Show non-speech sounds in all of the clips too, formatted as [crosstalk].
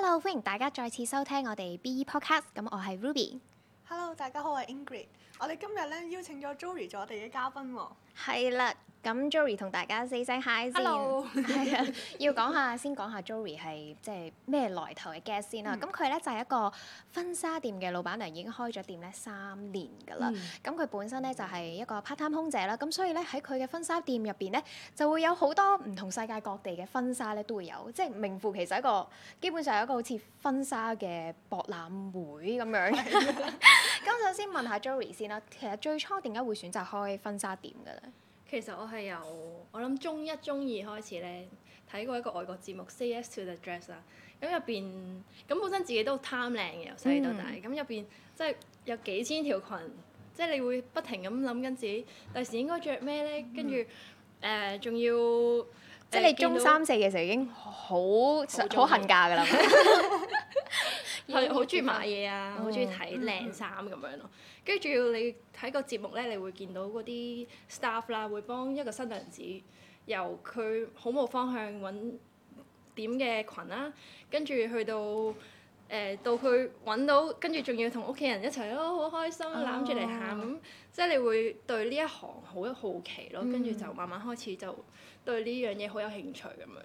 Hello，歡迎大家再次收聽我哋 BE Podcast。咁我係 Ruby。Hello，大家好，我係 Ingrid。我哋今日咧邀請咗 Jorie 做我哋嘅嘉賓喎。係啦。咁 Jorie 同大家 say 聲 hi h e 先，係啊 Hello. [laughs] [laughs] 要講下先講下 Jorie 係即係咩來頭嘅 guest 先啦、嗯。咁佢咧就係、是、一個婚紗店嘅老闆娘，已經開咗店咧三年㗎啦。咁佢、嗯、本身咧就係、是、一個 part time 空姐啦。咁所以咧喺佢嘅婚紗店入邊咧，就會有好多唔同世界各地嘅婚紗咧都會有，即、就、係、是、名副其實一個基本上係一個好似婚紗嘅博覽會咁樣。咁 [laughs] [laughs] 首先問下 Jorie 先啦，其實最初點解會選擇開婚紗店嘅咧？其實我係由我諗中一中二開始咧，睇過一個外國節目《Say Yes to the Dress》啦。咁入邊，咁本身自己都貪靚嘅，由細到大。咁入邊即係有幾千條裙，即係你會不停咁諗緊自己第時應該着咩咧？跟住誒仲要，呃、即係你中三四嘅時候已經好好恨嫁噶啦。係好中意買嘢啊，好中意睇靚衫咁樣咯。跟住仲要你睇個節目咧，你會見到嗰啲 staff 啦、啊，會幫一個新娘子由佢好冇方向揾點嘅裙啦、啊，跟住去到誒、呃、到佢揾到，跟住仲要同屋企人一齊咯，好開心，攬住嚟喊咁。哦、即係你會對呢一行好有好奇咯，跟住、嗯、就慢慢開始就對呢樣嘢好有興趣咁樣。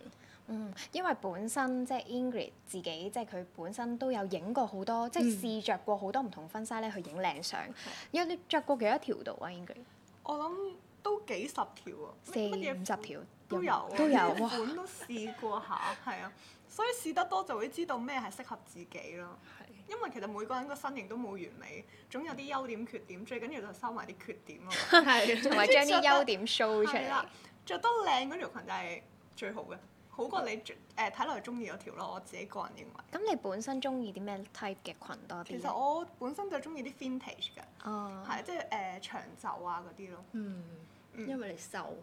嗯，因為本身即係 Ingrid 自己，即係佢本身都有影過好多，即係、嗯、試着過好多唔同婚紗咧去影靚相。Okay. 因為你着過幾多條度啊？Ingrid？我諗都幾十條啊，四五十條都有、啊、都有、啊。本都試過下，係 [laughs] 啊，所以試得多就會知道咩係適合自己咯。係的。因為其實每個人個身形都冇完美，總有啲優點缺點，最緊要就收埋啲缺點咯，同埋將啲優點 show 出嚟來。着得靚嗰條裙就係最好嘅。好過你誒睇、呃、落去中意嗰條咯，我自己個人認為。咁你本身中意啲咩 type 嘅裙多啲？其實我本身就中意啲 vintage 㗎，係即係誒長袖啊嗰啲咯。Mm. Mm. 因為你瘦，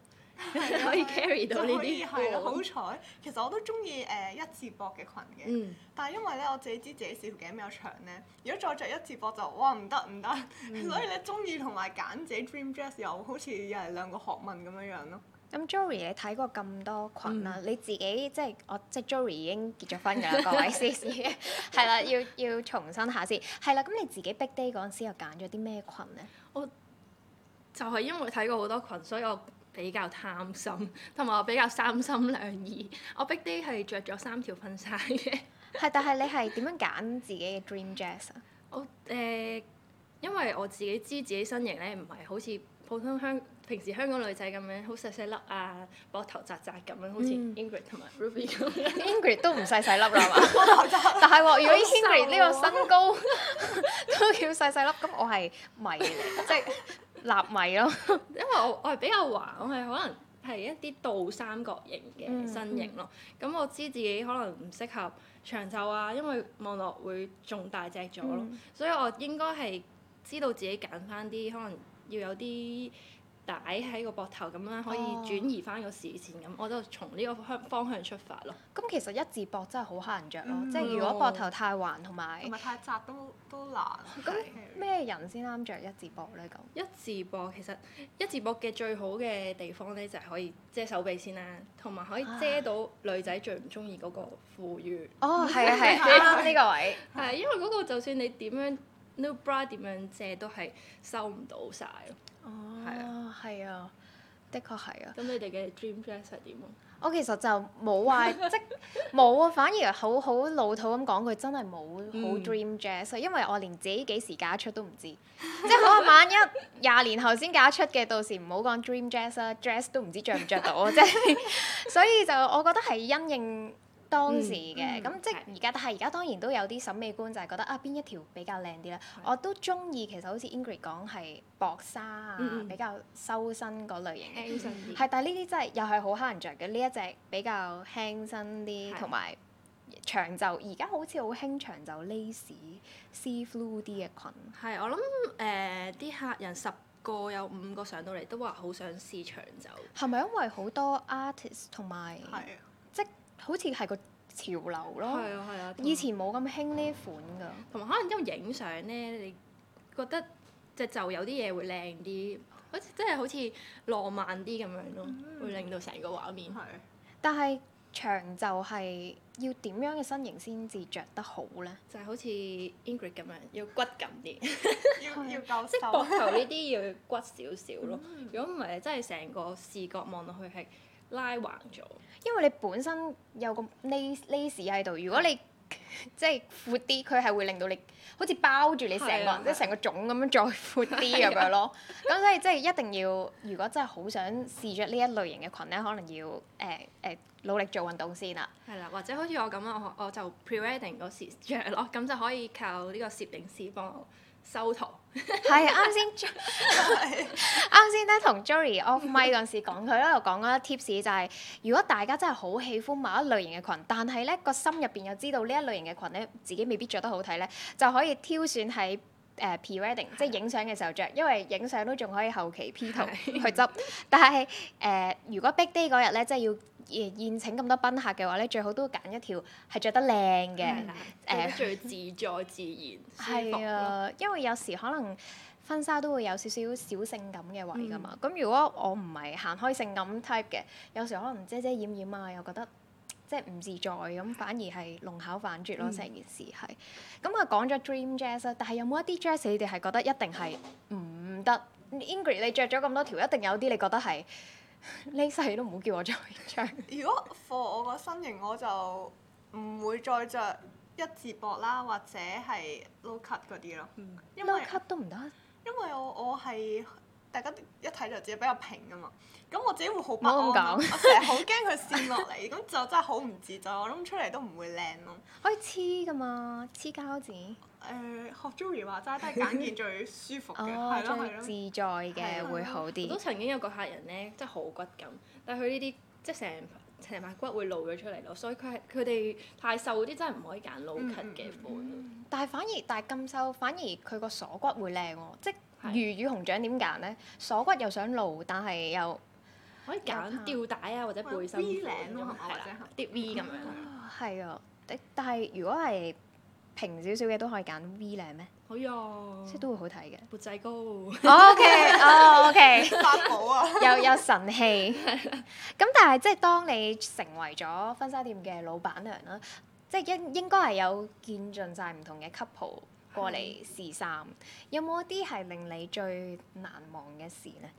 你 [laughs] 對可以 carry 到呢啲。可以咯，好彩。其實我都中意誒一字膊嘅裙嘅，mm. 但係因為咧我自己知自己條頸比較長咧，如果再著一字膊就哇唔得唔得，mm. 所以咧中意同埋揀自己 dream dress 又好似又係兩個學問咁樣樣咯。咁 Joey，你睇過咁多群啦，嗯、你自己即係我即 Joey 已經結咗婚㗎啦，各位師師，係啦， [laughs] [laughs] 要要重新下先，係啦。咁你自己逼爹嗰陣時又揀咗啲咩群咧？我就係、是，因為睇過好多群，所以我比較貪心，同埋我比較三心兩意。我逼爹係着咗三條婚紗嘅。係， [laughs] 但係你係點樣揀自己嘅 dream dress 啊？我、呃、誒，因為我自己知自己身型咧，唔係好似普通香。平時香港女仔咁樣細細紮紮好樣 [laughs] 細細粒啊，膊 [laughs] 頭窄窄咁樣，好似 Ingrid 同埋 Ruby 咁。Ingrid 都唔細細粒啦嘛，但係如果 Ingrid 呢個身高都叫細細粒，咁我係米，即係臘米咯。 [laughs] [laughs] 因為我我係比較橫，我係可能係一啲倒三角形嘅身形咯。咁、嗯嗯嗯、我知自己可能唔適合長袖啊，因為望落會仲大隻咗咯。嗯、所以我應該係知道自己揀翻啲，可能要有啲。擺喺個膊頭咁樣可以轉移翻個視線咁、oh.，我就從呢個方向出發咯。咁其實一字膊真係好蝦人着咯，mm. 即係如果膊頭太橫同埋唔係太窄都都難。咁咩人先啱着一字膊咧？咁一字膊其實一字膊嘅最好嘅地方咧就係、是、可以遮手臂先啦，同埋可以遮到女仔最唔中意嗰個副乳。哦、oh, [laughs] 係啊，係啱呢個位。係因為嗰個就算你點樣 new、那個、bra 點樣遮都係收唔到曬。哦、oh.。係啊。係啊，的確係啊。咁你哋嘅 dream dress 係點啊？我其實就冇話即冇啊，反而好好老土咁講，佢真係冇好 dream dress 啊！因為我連自己幾時嫁得出都唔知， [laughs] 即係可能萬一廿年後先嫁得出嘅，到時唔好講 dream dress 啊，dress 都唔知着唔着到啊！ [laughs] 即係，所以就我覺得係因應。當時嘅，咁、嗯嗯、即係而家，但係而家當然都有啲審美觀就係覺得啊，邊一條比較靚啲咧？是的 我都中意，其實好似 Ingrid 講係薄紗啊，嗯嗯比較修身嗰類型嘅。係，但係呢啲真係又係好黑人着嘅呢一隻比較輕身啲，同埋是的 長袖。而家好似好興長袖 lace、see through 啲嘅裙。係，我諗誒啲客人十個有五個上到嚟都話好想試長袖。係咪因為好多 artist 同埋？好似係個潮流咯，係啊、係啊、係啊，以前冇咁興呢款㗎。同埋、哦、可能因為影相咧，你覺得隻袖有啲嘢會靚啲，好似真係好似浪漫啲咁樣咯，會令到成個畫面。係、嗯。嗯、但係長袖係要點樣嘅身形先至着得好咧？就係好似 Ingrid 咁樣，要骨感啲。 [laughs] [laughs] 要 [laughs] 要夠救。即膊頭呢啲要骨少少咯，如果唔係，嗯、真係成個視覺望落去係。拉橫咗，因為你本身有個呢呢士喺度，如果你 [laughs] 即係闊啲，佢係會令到你好似包住你成個，即係成個腫咁樣再闊啲咁樣咯。咁所以即係一定要，如果真係好想試着呢一類型嘅裙咧，可能要誒誒、呃呃、努力做運動先啦。係啦，或者好似我咁啊，我我就 prewedding 嗰時著咯，咁就可以靠呢個攝影師幫我修圖。係，啱先啱先咧，同 Jorie off mic 嗰陣時講佢咧，就 [laughs] 講嗰 tips 就係、是，如果大家真係好喜歡某一類型嘅裙，但係咧個心入邊又知道呢一類型嘅裙咧，自己未必着得好睇咧，就可以挑選喺誒、呃、pre-wedding 即係影相嘅時候着，因為影相都仲可以後期 P 圖去執。是的笑但係誒、呃，如果 Big Day 嗰日咧，即、就、係、是、要。而宴請咁多賓客嘅話咧，最好都揀一條係着得靚嘅，誒、嗯 uh，最自在自然。係啊， [laughs] 因為有時可能婚紗都會有少少小性感嘅位㗎嘛。咁、嗯、如果我唔係行開性感 type 嘅，有時可能遮遮掩掩啊，又覺得即係唔自在咁，反而係弄巧反拙咯。成、嗯、件事係。咁啊，講咗 dream dress，但係有冇一啲 dress 你哋係覺得一定係唔得？Ingrid，你着咗咁多條，一定有啲你覺得係。呢世 [laughs] 都唔好叫我再著。 [laughs] 如果 for 我個身型，我就唔會再着一字膊啦，或者係 low cut 嗰啲咯。因為、嗯、o、no、cut 都唔得。因為我因為我係。我大家一睇就自己比較平啊嘛，咁我自己會好不安，我成日好驚佢跣落嚟，咁就真係好唔自在。我諗出嚟都唔會靚咯，可以黐噶嘛，黐膠紙。誒、呃，學 Joey 話齋都係揀件最舒服嘅，最自在嘅會好啲。我都啦曾經有個客人咧，真係好骨感，但係佢呢啲即係成成埋骨會露咗出嚟咯，所以佢係佢哋太瘦啲，真係唔可以揀 low cut 嘅款。嗯嗯嗯嗯、但係反而，但係咁瘦，反而佢個鎖骨會靚喎，即魚與熊掌點揀咧？鎖骨又想露，但係又可以揀吊帶啊，或者背心。V 領咯，或者啲 V 咁樣。係啊，但但係如果係平少少嘅都可以揀 V 領咩？好用，即係都會好睇嘅。缽仔糕。OK，哦，OK。發寶啊！又有神器。咁但係即係當你成為咗婚紗店嘅老闆娘啦，即係應應該係有見盡晒唔同嘅 couple。過嚟試衫，有冇一啲係令你最難忘嘅事咧？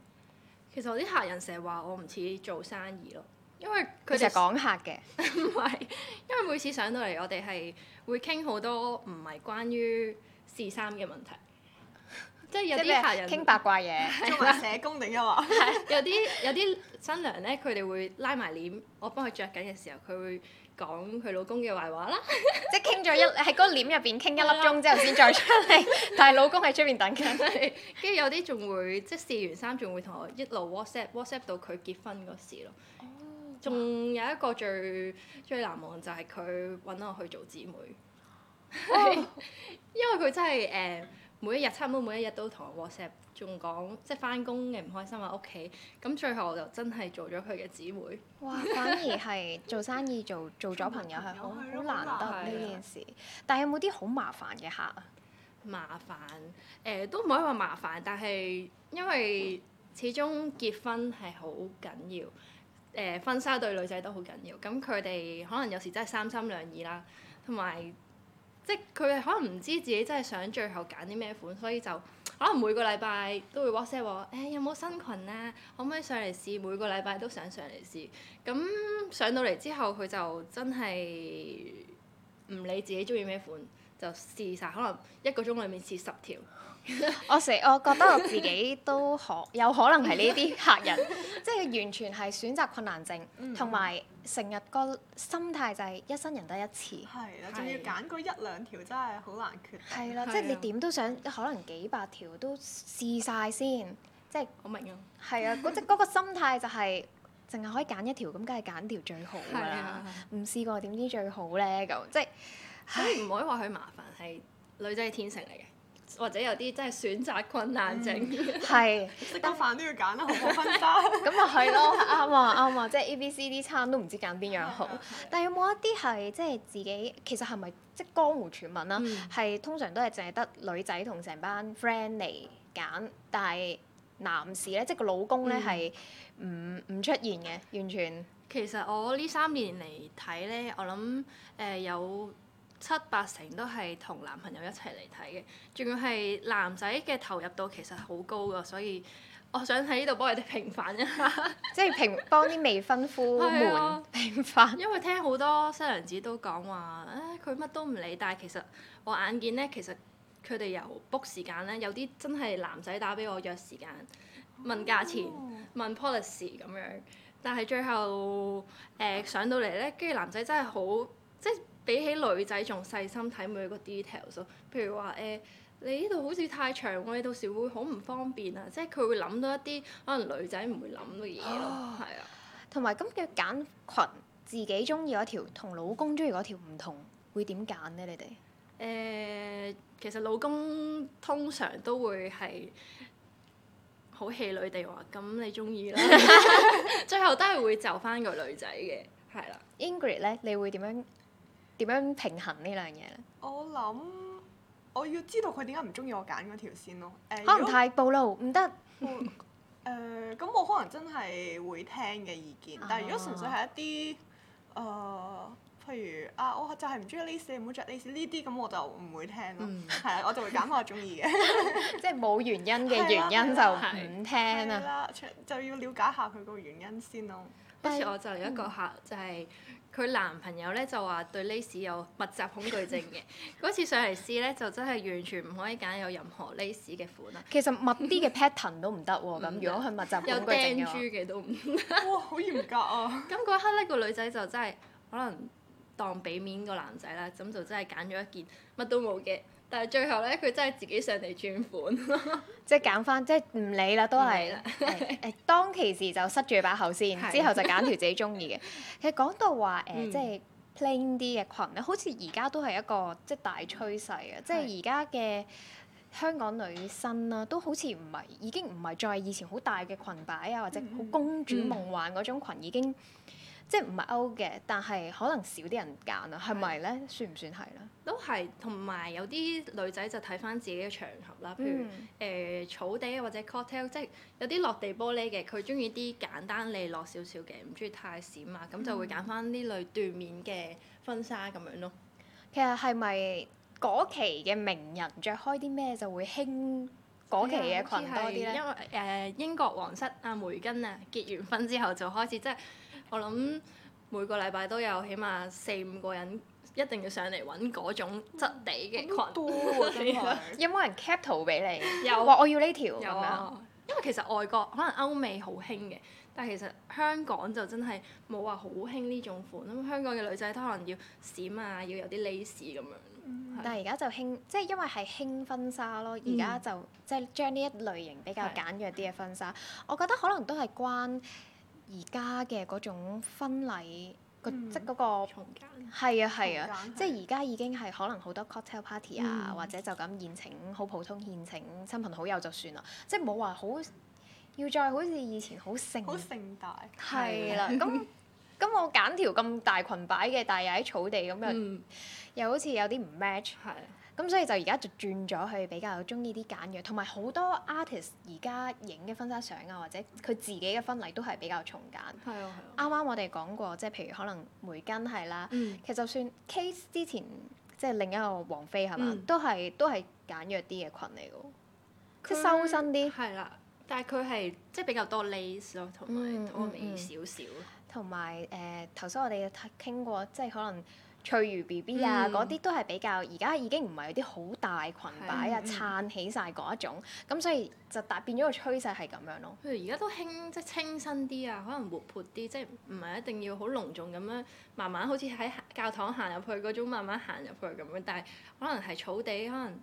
其實我啲客人成日話我唔似做生意咯，因為佢成日講客嘅。唔係， [laughs] 因為每次上到嚟，我哋係會傾好多唔係關於試衫嘅問題。 [laughs] 即係有啲客人傾八卦嘢，做埋吧社工定咁話。有啲有啲新娘咧，佢哋會拉埋簾，我幫佢着緊嘅時候，佢會，講佢老公嘅壞話啦，即係傾咗一喺個簾入邊傾一粒鐘之後先再出嚟，但係老公喺出邊等緊你。 [laughs] 跟住有啲仲會即係試完衫仲會同我一路 WhatsApp，WhatsApp [laughs] 到佢結婚嗰時咯。仲、oh, 嗯、有一個最最難忘就係佢揾我去做姊妹， [laughs] Okay. [laughs] 因為佢真係誒。Uh, 每一日差唔多，每一日都同我 WhatsApp 仲講，即係翻工嘅唔開心喺屋企。咁最後我就真係做咗佢嘅姊妹。哇！反而係做生意 [laughs] 做做咗朋友係好好難得呢件事。的但係有冇啲好麻煩嘅客啊？麻煩誒、呃，都唔可以話麻煩，但係因為始終結婚係好緊要，誒、呃、婚紗對女仔都好緊要。咁佢哋可能有時真係三心兩意啦，同埋。即佢係可能唔知自己真係想最後揀啲咩款，所以就可能每個禮拜都會 WhatsApp 我，誒、哎，有冇新裙啊？可唔可以上嚟試？每個禮拜都想上嚟試。咁上到嚟之後，佢就真係唔理自己中意咩款。就試晒，可能一個鐘裡面試十條。我成，我覺得我自己都可有可能係呢啲客人，即係完全係選擇困難症，同埋成日個心態就係一生人得一次。係啊，仲要揀個一兩條真係好難決定。係啦，即係你點都想，可能幾百條都試晒先，即係。好明啊。係啊，嗰即嗰個心態就係，淨係可以揀一條咁，梗係揀條最好㗎啦。唔試過點知最好咧？咁即係。所以唔 [noise] 可以話佢麻煩，係女仔嘅天性嚟嘅，或者有啲真係選擇困難症，係食飯都要揀啦，好好 [laughs] 不分叉咁啊，係咯，啱啊，啱啊，即係、 [laughs] 就是、A、B、C、D 餐都唔知揀邊樣好。但係有冇一啲係即係自己其實係咪即係江湖傳聞啦、啊？係、嗯、通常都係淨係得女仔同成班 friend 嚟揀，但係男士咧，即係個老公咧係唔唔出現嘅，完全。其實我呢三年嚟睇咧，我諗誒、呃呃、有。有七八成都係同男朋友一齊嚟睇嘅，仲要係男仔嘅投入度其實好高㗎，所以我想喺呢度幫佢哋平反一下。即係平，幫啲 [laughs] 未婚夫們平反。平凡 因為聽好多新娘子都講話，誒佢乜都唔理，但係其實我眼見咧，其實佢哋由 book 時間咧，有啲真係男仔打俾我約時間，問價錢、oh. 問 policy 咁樣，但係最後誒、呃、上到嚟咧，跟住男仔真係好即係。比起女仔仲細心睇每一個 details 咯，譬如話誒、欸，你呢度好似太長，我哋到時會好唔方便啊！即係佢會諗到一啲可能女仔唔會諗到嘅嘢咯，係啊、oh. 了。同埋咁嘅揀裙，自己中意嗰條同老公中意嗰條唔同，會點揀咧？你哋誒、欸，其實老公通常都會係好氣女哋話，咁你中意啦， [laughs] [laughs] 最後都係會就返個女仔嘅。係啦，Ingrid 咧，你會點樣？點樣平衡呢兩嘢咧？我諗我要知道佢點解唔中意我揀嗰條線咯。呃、可能太暴露唔得。誒，咁、 [laughs] 呃、我可能真係會聽嘅意見，啊、但係如果純粹係一啲誒、呃，譬如啊，我就係唔中意呢事，唔好著呢事呢啲，咁我就唔會聽咯。係啊、嗯，我就會揀我中意嘅， [laughs] [laughs] 即係冇原因嘅原因就唔聽啦，啦，對啦。就要了解下佢個原因先咯。跟住我就有一個客、嗯、就係佢男朋友咧，就話對 lace 有密集恐懼症嘅。嗰 [laughs] 次上嚟試咧，就真係完全唔可以揀有任何 lace 嘅款啊！其實密啲嘅 pattern 都唔得喎。咁 [laughs] 如果佢密集恐懼症有釘珠嘅都唔得。 [laughs] 哇！好嚴格啊！咁嗰 [laughs] 刻咧，個女仔就真係可能。當俾面個男仔啦，咁就真係揀咗一件乜都冇嘅，但係最後咧佢真係自己上嚟轉款， [laughs] 即係揀翻即係唔理啦都係誒、 [laughs] 哎哎，當其時就塞住把口先，之後就揀條自己中意嘅。 [laughs] 其實講到話誒、呃，即係 plain 啲嘅裙咧，好似而家都係一個即係大趨勢啊！的即係而家嘅香港女生啦、啊，都好似唔係已經唔係再以前好大嘅裙擺啊，或者好公主夢幻嗰種裙已經。即係唔係歐嘅，但係可能少啲人揀啊，係咪咧？對 算唔算係咧？都係，同埋有啲女仔就睇翻自己嘅場合啦。譬如誒、嗯呃、草地或者 cocktail，即係有啲落地玻璃嘅，佢中意啲簡單利落少少嘅，唔中意太閃啊，咁、嗯、就會揀翻呢類緞面嘅婚紗咁樣咯。其實係咪嗰期嘅名人着開啲咩就會興嗰期嘅裙、啊、多啲咧？因為誒、呃、英國皇室啊梅根啊結完婚之後就開始即係。我諗每個禮拜都有起碼四五個人一定要上嚟揾嗰種質地嘅裙、嗯。嗯、有冇人 cap 圖俾你？有。話我要呢條。有。有啊、因為其實外國可能歐美好興嘅，但係其實香港就真係冇話好興呢種款。咁香港嘅女仔都可能要閃啊，要有啲 lace 咁樣。嗯、但係而家就興，即係因為係興婚紗咯。而家就、嗯、即係將呢一類型比較簡約啲嘅婚紗，我覺得可能都係關。而家嘅嗰種婚禮，嗯、即嗰個即嗰個係啊，係啊，即係而家已經係可能好多 cocktail party 啊，嗯、或者就咁宴請好普通宴請親朋好友就算啦，即係冇話好要再好似以前好盛好盛大，係啦。咁咁我揀條咁大裙擺嘅，但係又喺草地咁樣，嗯、又好似有啲唔 match，係。咁所以就而家就轉咗去比較中意啲簡約，同埋好多 artist 而家影嘅婚紗相啊，或者佢自己嘅婚禮都係比較重簡。係啊啱啱、啊、我哋講過，即係譬如可能梅根係啦，嗯、其實就算 Kate 之前即係另一個王妃係嘛，都係都係簡約啲嘅裙嚟嘅，嗯、即係修身啲。係啦、嗯，但係佢係即係比較多 lace 咯，同埋多尾少少。同埋誒頭先我哋傾過，即係可能。翠如 B B 啊，嗰啲、嗯、都係比較，而家已經唔係有啲好大裙擺的啊，撐起晒嗰一種，咁所以就大變咗個趨勢係咁樣咯。譬如而家都興即係清新啲啊，可能活潑啲，即係唔係一定要好隆重咁樣，慢慢好似喺教堂行入去嗰種慢慢行入去咁樣，但係可能係草地，可能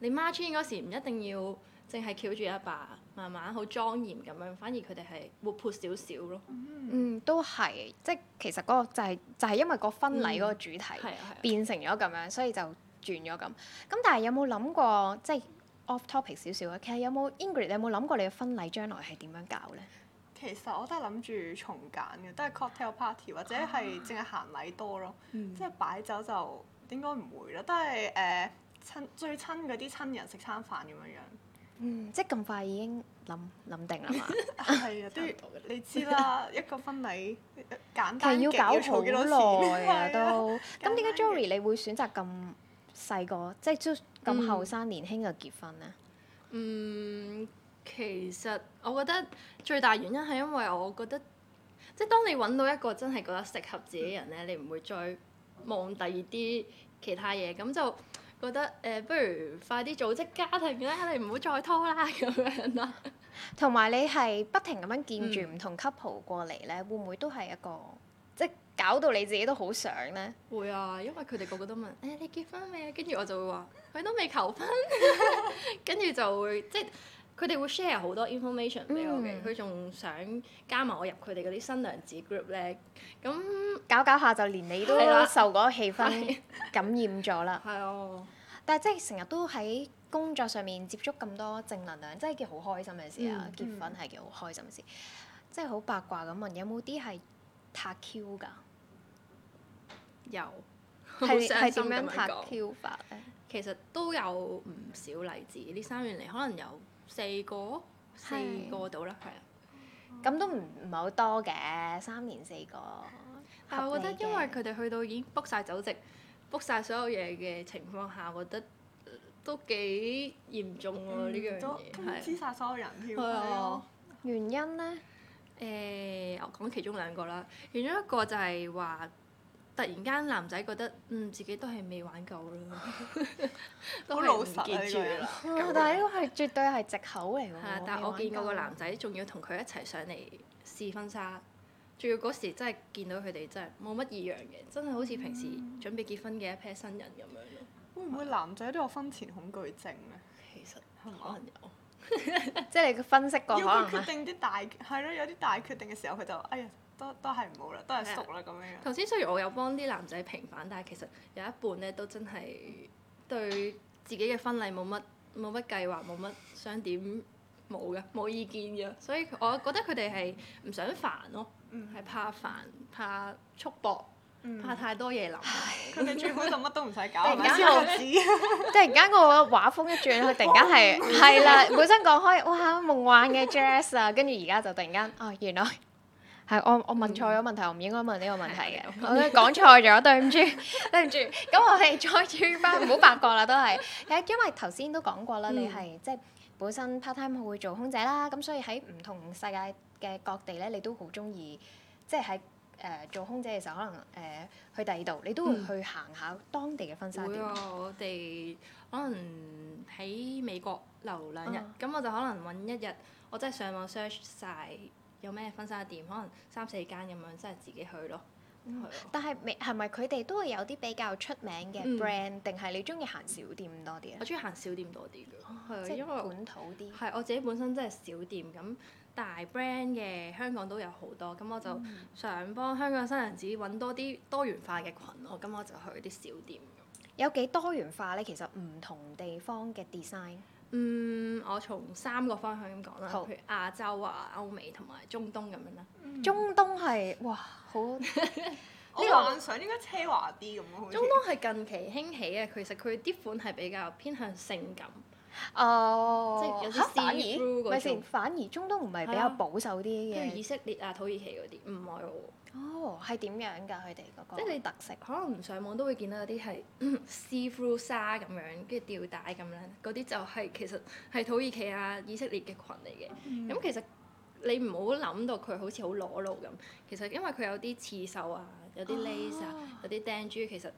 你 Marching 嗰時唔一定要。.淨係翹住一把，慢慢好莊嚴咁樣，反而佢哋係活潑少少咯。嗯，都係即係其實嗰個就係、是、就係、是、因為個婚禮嗰個主題、嗯、變成咗咁樣，所以就轉咗咁。咁、嗯、但係有冇諗過即係 off topic 少少啊？其實有冇 Ingrid 你有冇諗過你嘅婚禮將來係點樣搞咧？其實我都係諗住重揀嘅，都係 cocktail party 或者係淨係行禮多咯，啊、即係擺酒就應該唔會啦。都係誒、呃、親最親嗰啲親人食餐飯咁樣樣。嗯，即咁快已經諗諗定啦嘛？係啊， [laughs] [laughs] 都你知啦， [laughs] 一個婚禮簡單嘅，要搞好耐啊 [laughs] 都。咁點解 Jorie 你會選擇咁細個，嗯、即係咁後生年輕就結婚呢？嗯，其實我覺得最大原因係因為我覺得，即、就、係、是、當你揾到一個真係覺得適合自己人咧，嗯、你唔會再望第二啲其他嘢，咁就。覺得誒、呃，不如快啲組織家庭咧，你唔好再拖啦咁樣啦。同埋你係不停咁樣見住唔同 couple 過嚟咧，嗯、會唔會都係一個即係搞到你自己都好想咧？會啊，因為佢哋個個都問：誒、欸、你結婚未啊？跟住我就會話：佢都未求婚。跟住 [laughs] [laughs] 就會即係。佢哋會 share 好多 information 俾我嘅，佢仲、嗯、想加埋我入佢哋嗰啲新娘子 group 咧，咁搞搞下就連你都了受嗰氣氛感染咗啦。係啊了！但係即係成日都喺工作上面接觸咁多正能量，真係件好開心嘅事啊！嗯、結婚係件好開心嘅事，嗯、即係好八卦咁問有冇啲係拍 Q 㗎？有係係點樣拍 Q 法咧？其實都有唔少例子，呢三年嚟可能有。四個，是四個到啦，係啊，咁都唔唔係好多嘅，三年四個。係，但我覺得因為佢哋去到已經 book 曬酒席，book 曬所有嘢嘅情況下，我覺得、呃、都幾嚴重喎、啊、呢、嗯、樣嘢，係黐曬所有人條仔。對哦、原因咧？誒、欸，我講其中兩個啦。其中一個就係話。突然間男仔覺得，嗯，自己都係未玩夠啦，都好老實。但係呢個係絕對係藉口嚟喎。但係我見嗰個男仔仲要同佢一齊上嚟試婚紗，仲要嗰時真係見到佢哋真係冇乜異樣嘅，真係好似平時準備結婚嘅一批新人咁樣。會唔會男仔都有婚前恐懼症咧？其實可能有。即係你分析過可能，要佢決定啲大係咯，有啲大決定嘅時候，佢就哎呀～都都係唔好啦，都係熟啦咁樣。頭先雖然我有幫啲男仔平反，但係其實有一半咧都真係對自己嘅婚禮冇乜冇乜計劃，冇乜想點冇嘅，冇意見嘅。所以我覺得佢哋係唔想煩咯、喔，係、嗯、怕煩，怕束縛，怕太多嘢諗。佢哋最尾就乜都唔使搞，唔知。即係突然間個、啊、 [laughs] [laughs] 畫風一轉，佢突然間係係啦。本身講開哇夢幻嘅 dress 啊，跟住而家就突然間哦，哦，原來。係，我我問錯咗問題，嗯、我唔應該問呢個問題嘅，嗯、我講錯咗， [laughs] 對唔住， [laughs] 對唔住。咁 [laughs] 我哋再轉返唔好八卦啦，都係。誒，因為頭先都講過啦，嗯、你係即係本身 part time 會做空姐啦，咁所以喺唔同世界嘅各地咧，你都好中意，即係喺誒做空姐嘅時候，可能誒、呃、去第二度，你都會去行下當地嘅婚紗店。會、哦、我哋可能喺美國留兩日，咁、哦、我就可能揾一日，我真係上網 search 晒。有咩婚紗店？可能三四間咁樣，真係自己去咯。嗯、去咯，但係未係咪佢哋都會有啲比較出名嘅 brand？定係、嗯、你中意行小店多啲啊？我中意行小店多啲㗎。係啊、嗯，對因為本土啲。係我自己本身真係小店咁，大 brand 嘅香港都有好多。咁我就想幫香港新娘子揾多啲多元化嘅裙。咯。咁我就去啲小店。有幾多多元化咧？其實唔同地方嘅 design。嗯，我從三個方向咁講啦，好譬如亞洲啊、歐美同埋中東咁樣啦。嗯、中東係哇，好！我幻想應該奢華啲咁咯。中東係近期興起嘅，其實佢啲款係比較偏向性感。哦。即係有啲反而唔係先，反而中東唔係比較保守啲嘅？啊、以色列啊、土耳其嗰啲，唔係喎。哦，係點樣㗎？佢哋嗰個即係你特色，可能唔上網都會見到有啲係 see through 紗咁樣，跟住吊帶咁樣，嗰啲就係其實係土耳其啊、以色列嘅裙嚟嘅。咁、嗯嗯、其實你唔好諗到佢好似好裸露咁，其實因為佢有啲刺繡啊，有啲 lace 啊，啊有啲釘珠，其實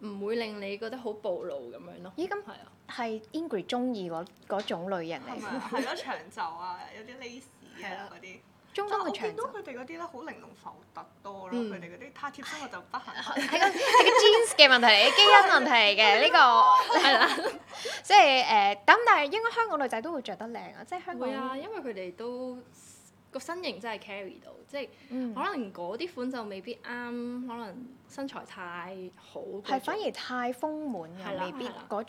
唔會令你覺得好暴露咁樣咯。咦、嗯，咁係啊，係 Ingrid 中意嗰嗰種類型嚟嘛？係咯，長袖啊， [laughs] 有啲 lace 啊嗰啲。 [laughs] 中國長、啊、得佢哋嗰啲咧，好玲瓏浮凸多啦，佢哋嗰啲太貼身我就不行。係 [laughs] 個係個 genes 嘅問題嚟，基因問題嚟嘅呢個係啦。即係誒，咁、 [laughs] [laughs] 呃、但係應該香港女仔都會着得靚啊，即、就、係、是、香港。會啊，因為佢哋都個身型真係 carry 到，即係可能嗰啲款就未必啱，可能身材太好。係、嗯、反而太豐滿又的的未必嗰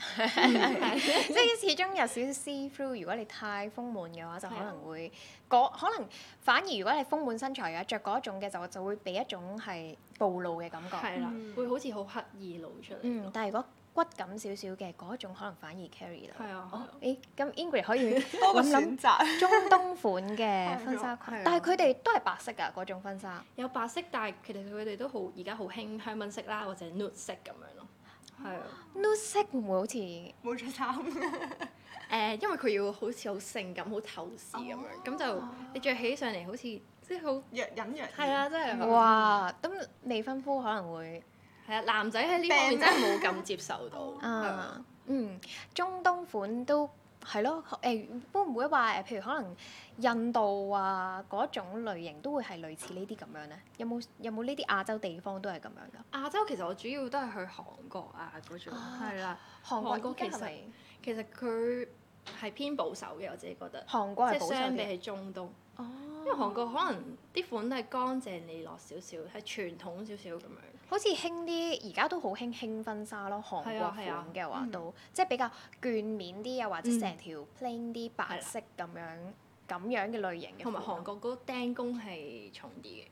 [laughs] [laughs] 即係始終有少少 see through 如果你太豐滿嘅話，就可能會嗰、啊、可能反而如果你豐滿身材嘅著嗰一種嘅就就會俾一種係暴露嘅感覺。係啦、啊，會好似好刻意露出嚟。嗯，但係如果骨感少少嘅嗰一種可能反而 carry 啦。係啊。哦、啊，咁、啊欸、Ingrid 可以多諗諗，中東款嘅婚紗，但係佢哋都係白色㗎嗰種婚紗。有白色，但係其實佢哋都好而家好興香檳色啦，或者 nude 色咁樣咯。係啊，new 色會唔會好似冇着衫？誒， [laughs] uh, 因為佢要好似好性感、好透視咁樣，咁、oh. 就你着起上嚟好似即係好隱隱約。係啊，真係。哇！咁未婚夫可能會係啊， [laughs] 男仔喺呢方面真係冇咁接受到 [laughs] 的 [laughs] 啊。的嗯，中東款都。係咯，誒會唔會話誒，譬如可能印度啊嗰種類型都會係類似這這呢啲咁樣咧，有冇有冇呢啲亞洲地方都係咁樣噶？亞洲其實我主要都係去韓國啊嗰種。係啦，啊，韓國其實，啊，國是是其實佢係偏保守嘅，我自己覺得。韓國係保守？即相比係中東，哦，因為韓國可能啲款都係乾淨利落少少，係傳統少少咁樣。好似興啲，而家都好興輕婚紗咯，韓國款嘅話都、啊啊嗯、即係比較眷面啲啊，或者成條 plain 啲白色咁樣咁、啊、樣嘅類型嘅。同埋韓國嗰釘工係重啲嘅。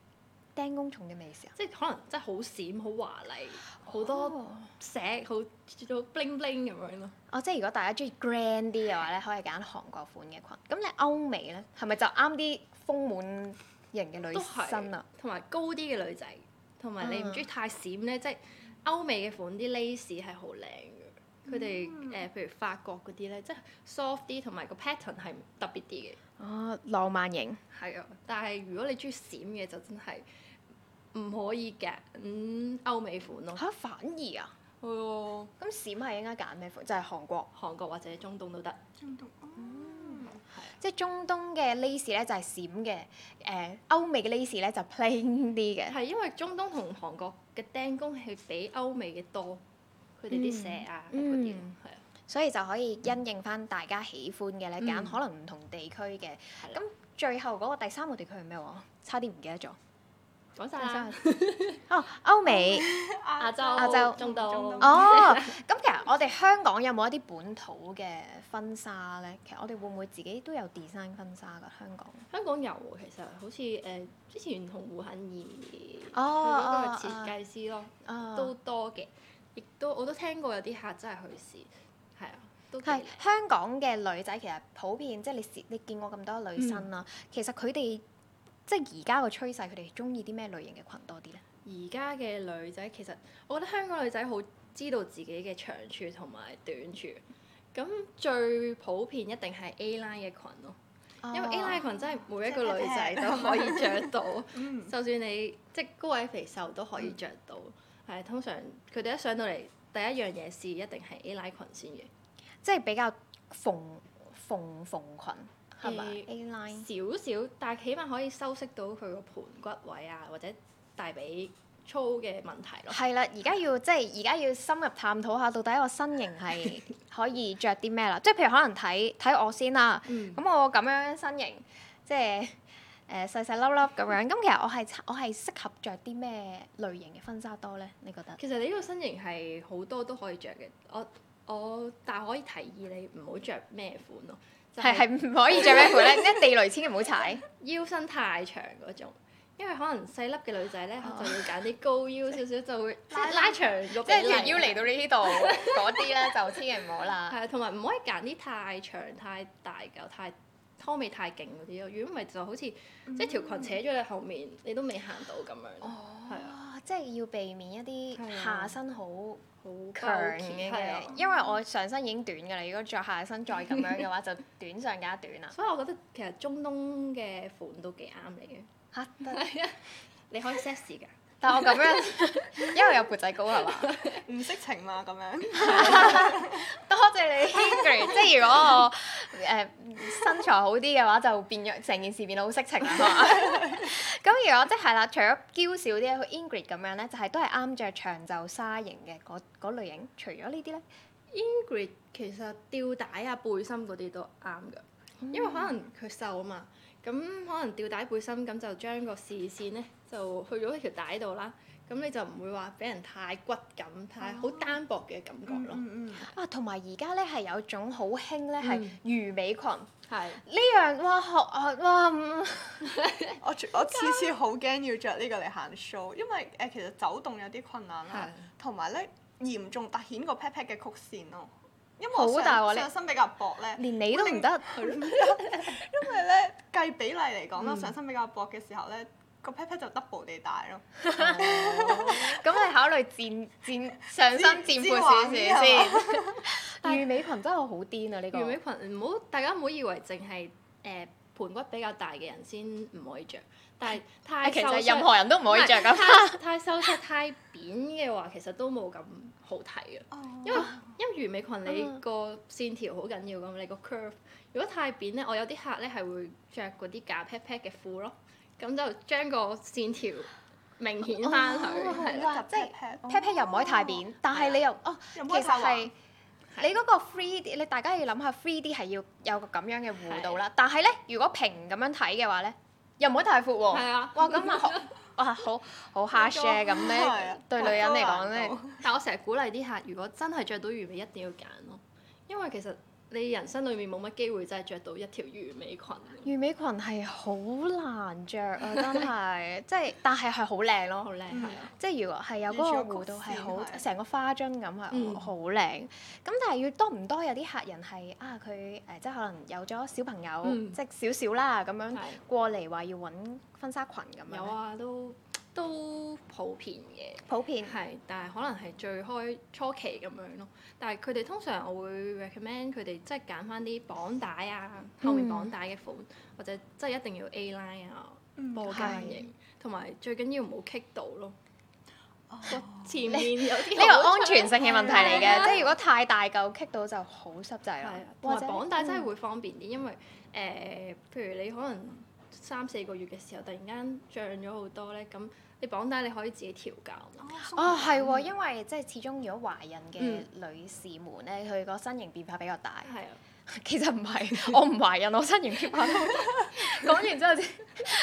釘工重啲咩意思啊？即係可能即係好閃、好華麗，好、哦、多石好似做 bling bling 咁樣咯。哦，即係如果大家中意 grand 啲、e、嘅話咧，的可以揀韓國款嘅裙。咁你歐美咧，係咪就啱啲豐滿型嘅女生啊？同埋高啲嘅女仔。同埋你唔中意太閃咧，即係歐美嘅款啲 lace 係好靚嘅，佢哋誒譬如法國嗰啲咧，即係 soft 啲，同埋個 pattern 係特別啲嘅。啊、哦，浪漫型。係啊，但係如果你中意閃嘅就真係唔可以揀，嗯，歐美款咯。嚇，反而啊？係啊，咁閃係應該揀咩款？就係、係、韓國、韓國或者中東都得。即係中東嘅 lace 咧就係閃嘅，誒、呃、歐美嘅 lace 咧就 plain 啲嘅。係因為中東同韓國嘅釘工係比歐美嘅多，佢哋啲石啊嗰啲，係啊、嗯。嗯、是所以就可以因應翻大家喜歡嘅咧，揀、嗯、可能唔同地區嘅。咁、嗯、最後嗰個第三個地區係咩喎？差啲唔記得咗。講晒啦！哦，歐美、亞洲、亞洲，亞洲中東，中東，哦，咁其實我哋香港有冇一啲本土嘅婚紗咧？其實我哋會唔會自己都有 design 婚紗噶？香港香港，有、哦、其實好似誒、呃、之前同胡杏兒，嗰個、哦、設計師咯，啊、都多嘅，亦都我都聽過有啲客真係去試，係啊，都係香港嘅女仔其實普遍，即係你你見過咁多女生啦，嗯、其實佢哋。即係而家個趨勢，佢哋中意啲咩類型嘅裙多啲咧？而家嘅女仔其實，我覺得香港女仔好知道自己嘅長處同埋短處。咁最普遍一定係 A line 嘅裙咯，哦、因為 A line 裙真係每一個女仔都可以着到，就算是 [laughs] 你即係高矮肥瘦都可以着到。係、嗯、通常佢哋一上到嚟，第一樣嘢試一定係 A line 裙先嘅，即係比較縫縫縫裙。A line? 少少，但係起碼可以修飾到佢個盆骨位啊，或者大髀粗嘅問題咯。係啦，而家要即係而家要深入探討下，到底我身形係可以着啲咩啦？ [laughs] 即係譬如可能睇睇我先啦、啊。咁、嗯、我咁樣身形，即係誒、呃、細細粒粒咁樣。咁、嗯、其實我係我係適合着啲咩類型嘅婚紗多咧？你覺得？其實你呢個身形係好多都可以着嘅，我我，我但係可以提議你唔好着咩款咯。係係唔可以着咩褲咧？咩 [laughs] 地雷千祈唔好踩。 [laughs] 腰身太長嗰種，因為可能細粒嘅女仔咧，oh. 就要揀啲高腰少少就會拉拉長肉。 [laughs] 即係條腰嚟到呢度嗰啲咧，就千祈唔好啦。係啊，同埋唔可以揀啲太長、太大嚿、太拖尾、太勁嗰啲咯。如果唔係就好似、mm. 即係條裙扯咗你後面，你都未行到咁樣。哦。係啊。即係要避免一啲下身好好強嘅，啊、因為我上身已經短㗎啦，如果着下身再咁樣嘅話，就短上加短啦。所以我覺得其實中東嘅款都幾啱你嘅。嚇、啊！係、啊、你可以 sexy 㗎。但我咁樣，因為有缽仔糕係嘛？唔 [laughs] 色情嘛咁樣？ [laughs] [laughs] 多謝你 Henry， [laughs] 即係如果我誒、呃、身材好啲嘅話，就變成件事變到好色情啦嘛～ [laughs] [laughs] 咁如果即係啦，除咗嬌小啲，佢 Ingrid 咁樣咧，就係、是、都係啱着長袖紗型嘅嗰類型。除咗呢啲咧，Ingrid 其實吊帶啊背心嗰啲都啱㗎，嗯、因為可能佢瘦啊嘛。咁可能吊帶背心咁就將個視線咧就去咗一條帶度啦。咁你就唔會話俾人太骨感，太好單薄嘅感覺咯。嗯嗯嗯、啊，同埋而家咧係有種好興咧係魚尾裙，呢是樣哇學啊哇！哇嗯、 [laughs] 我我次次好驚要着呢個嚟行 show，因為誒、呃、其實走動有啲困難啦。同埋咧嚴重凸顯個 pat pat 嘅曲線咯。因為我上大我上身比較薄咧， [laughs] 連你都唔得令， [laughs] 因為咧計比例嚟講啦， [laughs] 上身比較薄嘅時候咧。個 pat pat 就 double 地大咯、 [laughs] 哦，咁你考慮墊墊上身墊闊少少先 [laughs] 是。魚尾裙真係好癲啊！呢、呢個魚尾裙唔好，大家唔好以為淨係誒盤骨比較大嘅人先唔可以着，但係太其實任何人都唔可以着。咁。太瘦實、太扁嘅話，其實都冇咁好睇啊。 [laughs] 因為因為魚尾裙你個線條好緊要咁，嗯、你個 curve 如果太扁咧，我有啲客咧係會着嗰啲假 pat pat 嘅褲咯。咁就將個線條明顯翻去，係啦，即係撇撇又唔可以太扁，但係你又哦，其實係你嗰個 three D，你大家要諗下 three D 係要有個咁樣嘅弧度啦。但係咧，如果平咁樣睇嘅話咧，又唔可以太闊喎。係啊。哇，咁啊哇，好好 harsh 咁咧，對女人嚟講咧。但我成日鼓勵啲客，如果真係着到魚尾，一定要揀咯，因為其實。你人生裏面冇乜機會真係着到一條魚尾裙。魚尾裙係好難着啊，真係、呃，即係但係係好靚咯，即係如果係有嗰個弧度係好，成個花樽咁啊，好靚。咁但係要多唔多有啲客人係啊，佢誒即係可能有咗小朋友，嗯、即係少少啦咁樣過嚟話要揾婚紗裙咁樣。有啊，都。都普遍嘅，普遍係，但係可能係最開初期咁樣咯。但係佢哋通常我會 recommend 佢哋即係揀翻啲綁帶啊，後面綁帶嘅款，或者即係一定要 A line 啊波肩型，同埋最緊要唔好棘到咯。哦。前面有啲呢個安全性嘅問題嚟嘅，即係如果太大嚿棘到就好濕滯啦。或者綁帶真係會方便啲，因為誒，譬如你可能三四個月嘅時候突然間漲咗好多咧，咁。你綁帶你可以自己調教。哦，係喎，因為即係始終如果懷孕嘅女士們咧，佢個身形變化比較大。其實唔係，我唔懷孕，我身形變化都好大。講完之後，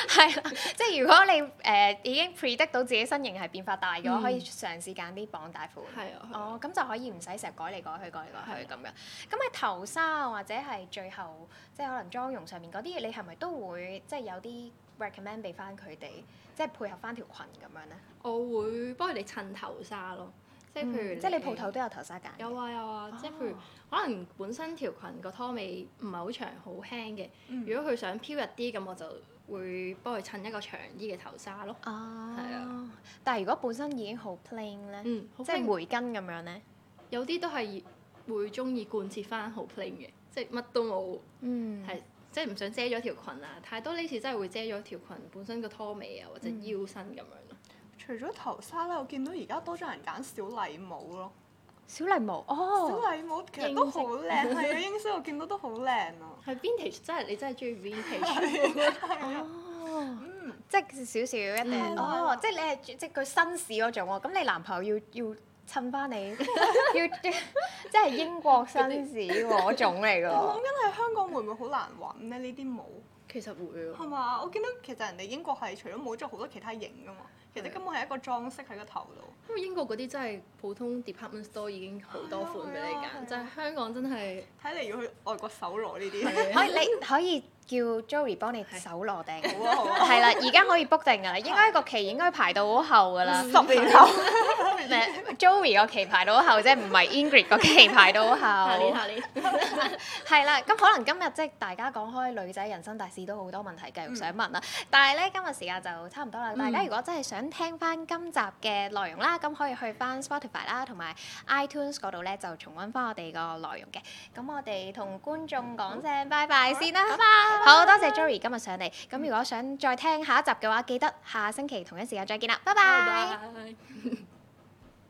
係啦，即係如果你誒已經 predict 到自己身形係變化大嘅話，可以嘗試揀啲綁帶款。係哦，咁就可以唔使成日改嚟改去，改嚟改去咁樣。咁係頭紗或者係最後，即係可能妝容上面嗰啲嘢，你係咪都會即係有啲？recommend 俾翻佢哋，即係配合翻條裙咁樣咧。我會幫佢哋襯頭紗咯，即係譬如、嗯、即係你鋪頭都有頭紗揀、啊。有啊有啊，哦、即係譬如可能本身條裙個拖尾唔係好長好輕嘅，嗯、如果佢想飄逸啲，咁我就會幫佢襯一個長啲嘅頭紗咯。哦、啊，係啊。但係如果本身已經好 plain 咧、嗯，即係梅根咁樣咧，有啲都係會中意貫徹翻好 plain 嘅，即係乜都冇，嗯，係。即係唔想遮咗條裙啊！太多呢次真係會遮咗條裙本身個拖尾啊，或者腰身咁、嗯、樣咯。除咗頭紗啦，我見到而家多咗人揀小禮帽咯。小禮帽哦。小禮帽其實都好靚，係啊！ [laughs] 英式我見到都好靚啊。係 vintage，真係你真係中意 vintage。 [laughs] 哦。Oh. 嗯，即係少少一啲。哦，即係你係即係佢紳士嗰種喎，咁你男朋友要要？襯翻你，要即係英國紳士嗰種嚟㗎。我諗緊喺香港會唔會好難揾咧？呢啲帽其實會、啊。係嘛？我見到其實人哋英國係除咗帽，仲有好多其他型㗎嘛，其實根本係一個裝飾喺個頭度。因為的英國嗰啲真係普通 department store 已經好多款俾你揀，就係香港真係。睇嚟要去外國搜羅呢啲。可的 [laughs] [laughs] 你可以。叫 Jorie 幫你手羅定，係 [laughs] 啦，而家可以 book 定㗎啦，應該個期應該排到好後㗎啦，十年後 Jorie 個期排到後啫，唔係 Ingrid 個期排到後。下年下年，係啦，咁可能今日即係大家講開女仔人生大事都好多問題繼續想問啦，嗯、但係咧今日時間就差唔多啦。大家如果真係想聽翻今集嘅內容啦，咁可以去翻 Spotify 啦同埋 iTunes 嗰度咧就重溫翻我哋個內容嘅。咁我哋同觀眾講聲、嗯、拜拜先啦，嗯、拜，拜。好多謝 Jorie 今日上嚟，咁如果想再聽下一集嘅話，記得下星期同一時間再見啦，拜拜。 [laughs]